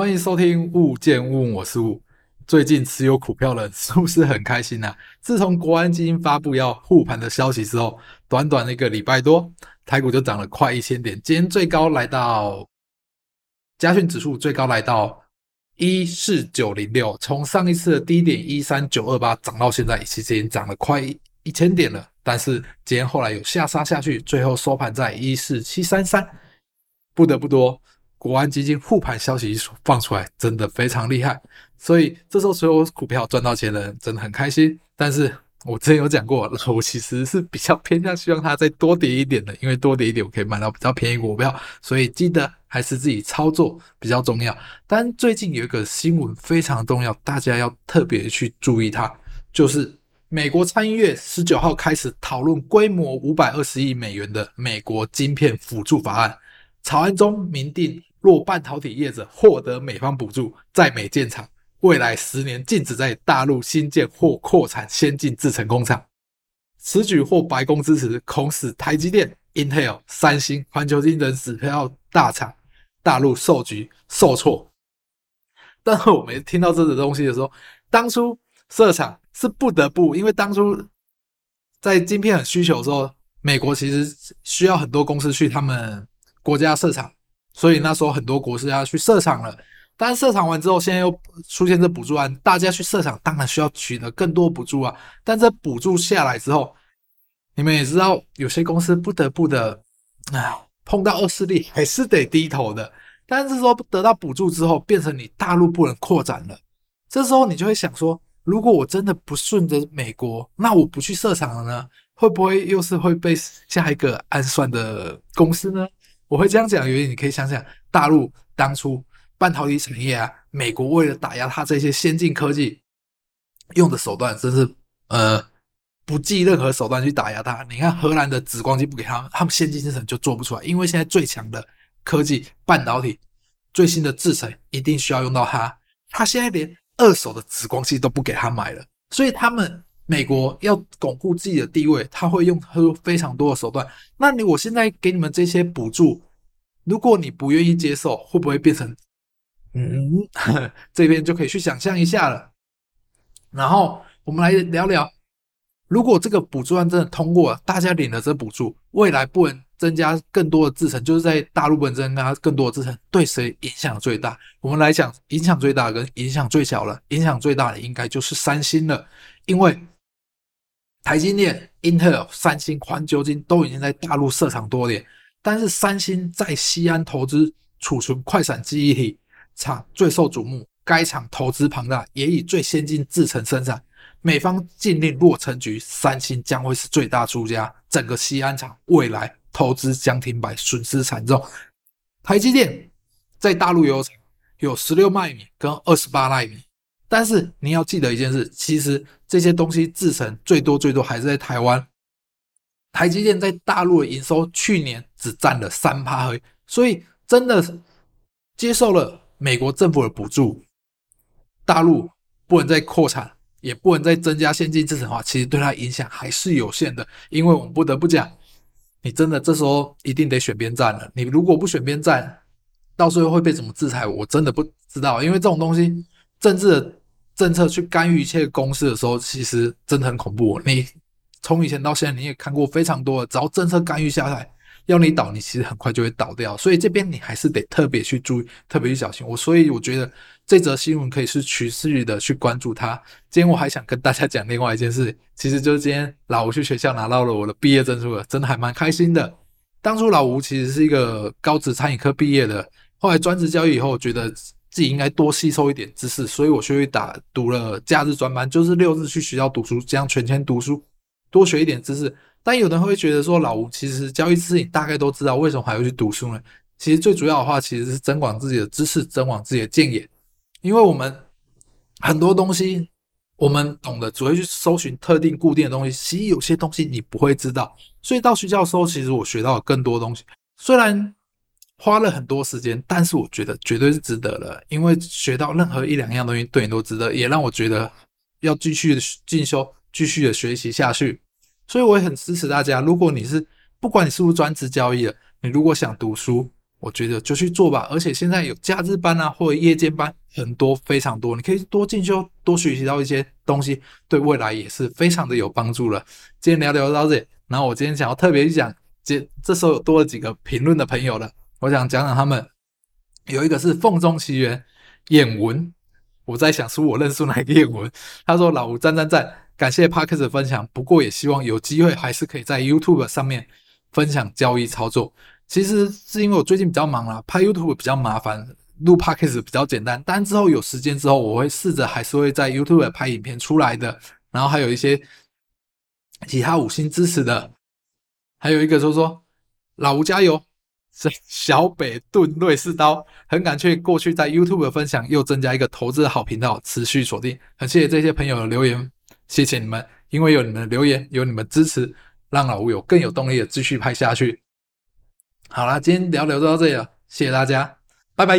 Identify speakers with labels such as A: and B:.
A: 歡迎收聽物見物，我是物。最近持有股票的，是不是很開心呢、啊？自從國安基金發布要護盤的消息之後，短短一個禮拜多，台股就漲了快一千點。今天最高來到加權指數最高來到一四九零六，從上一次的低點一三九二八漲到現在，其實已經漲了快一千點了。但是今天後來有下殺下去，最後收盤在一四七三三，不得不多。國安基金護盤消息一放出來，真的非常厲害，所以這時候所有股票賺到錢的人真的很開心。但是我之前有講過，我其實是比較偏向希望它再多跌一點的，因為多跌一點我可以買到比較便宜股票，所以記得還是自己操作比較重要。但最近有一個新聞非常重要，大家要特別去注意它，就是美國參議院十九號開始討論規模五百二十億美元的美國晶片輔助法案，草案中明定。若半導體業者獲得美方補助，在美建廠，未來十年禁止在大陸新建或擴產先進製程工廠。此舉獲白宮支持，恐使台積電、Intel、三星、環球晶等指標大廠大陸受局受挫。但是我們聽到這個東西的時候，當初設廠是不得不，因為當初在晶片很需求的時候，美國其實需要很多公司去他們國家設廠。所以那時候很多國家要去設廠了，但是設廠完之後，現在又出現這補助案，大家去設廠當然需要取得更多補助啊。但這補助下來之後，你們也知道，有些公司不得不的，哎，碰到惡勢力還是得低頭的。但是說得到補助之後，變成你大陸不能擴展了，這時候你就會想說，如果我真的不順着美國，那我不去設廠了呢，會不會又是會被下一個暗算的公司呢？我會這樣講，原因你可以想想，大陸當初半導體產業啊，美國為了打壓它這些先進科技，用的手段真是呃不計任何手段去打壓它。你看荷蘭的紫光機不給他們，他們先進製程就做不出來，因為現在最強的科技半導體最新的製程一定需要用到它，它現在連二手的紫光機都不給他買了，所以他們。美國要鞏固自己的地位，他會用他非常多的手段。那你我現在給你們這些補助，如果你不願意接受，會不會變成？嗯，呵呵，這邊就可以去想象一下了。然後我們來聊聊，如果這個補助案真的通過了，大家領了這補助，未來不能增加更多的制程，就是在大陸本身啊，更多的制程，對誰影響最大？我們來講，影響最大跟影響最小了。影響最大的應該就是三星了，因為。台積電、英特爾、三星、環球晶都已經在大陸設廠多年，但是三星在西安投資儲存快閃記憶體廠最受矚目。該廠投資龐大，也以最先進製程生產。美方禁令落成局，三星將會是最大輸家。整個西安廠未來投資將停擺，損失慘重。台積電在大陸有廠，有十六納米跟二十八納米。但是你要記得一件事，其實這些東西製程最多最多還是在台灣，台積電在大陸的營收去年只佔了三趴黑，所以真的接受了美國政府的補助，大陸不能再擴產，也不能再增加先進製程的話，其實對它影響還是有限的。因為我們不得不講，你真的這時候一定得選邊站了。你如果不選邊站，到時候會被怎麼制裁，我真的不知道，因為這種東西政治的。政策去干預一切公司的時候，其實真的很恐怖哦。你從以前到現在，你也看過非常多，只要政策干預下來，要你倒，你其實很快就會倒掉。所以這邊你還是得特別去注意，特別去小心。我所以我覺得這則新聞可以是趨勢的去關注它。今天我還想跟大家講另外一件事，其實就是今天老吳去學校拿到了我的畢業證書了，真的還蠻開心的。當初老吳其實是一個高職餐飲科畢業的，後來專職教育以後，我覺得。自己應該多吸收一點知識，所以我學會打讀了假日專班，就是六日去學校讀書，這樣全天讀書，多學一點知識。但有的人會覺得說，老吳其實交易知識，你大概都知道，為什麼還要去讀書呢？其實最主要的話，其實是增廣自己的知識，增廣自己的見解。因為我們很多東西我們懂得只會去搜尋特定固定的東西，其實有些東西你不會知道，所以到學校的時候，其實我學到了更多東西。雖然。花了很多時間，但是我覺得絕對是值得的，因為學到任何一兩樣東西對你都值得，也讓我覺得要繼續的進修、繼續的學習下去。所以我也很支持大家，如果你是不管你是不是專職交易的，你如果想讀書，我覺得就去做吧。而且現在有假日班啊，或者夜間班，很多非常多，你可以多進修、多學習到一些東西，對未來也是非常的有幫助了。今天聊聊到這裡，然後我今天想要特別講，今這時候有多了幾個評論的朋友了。我想講講他們，有一個是《鳳中奇緣》眼紋，我在想出我認識哪一個眼紋。他說：“老吳贊贊贊，感謝 Podcast 的分享，不過也希望有機會還是可以在 YouTube 上面分享交易操作。其實是因為我最近比較忙啦、啊，拍 YouTube 比較麻煩，錄 Podcast 比較簡單。但之後有時間之後，我會試着還是會在 YouTube 拍影片出來的。然後還有一些其他五星支持的，還有一個說說老吳加油。”是 小北盾瑞士刀，很感謝過去在 YouTube 的分享，又增加一個投資的好頻道，持續鎖定，很謝謝這些朋友的留言，謝謝你們，因為有你們的留言，有你們的支持，讓老吳有更有動力的繼續拍下去。好啦，今天聊聊就到這裡了，謝謝大家，拜拜。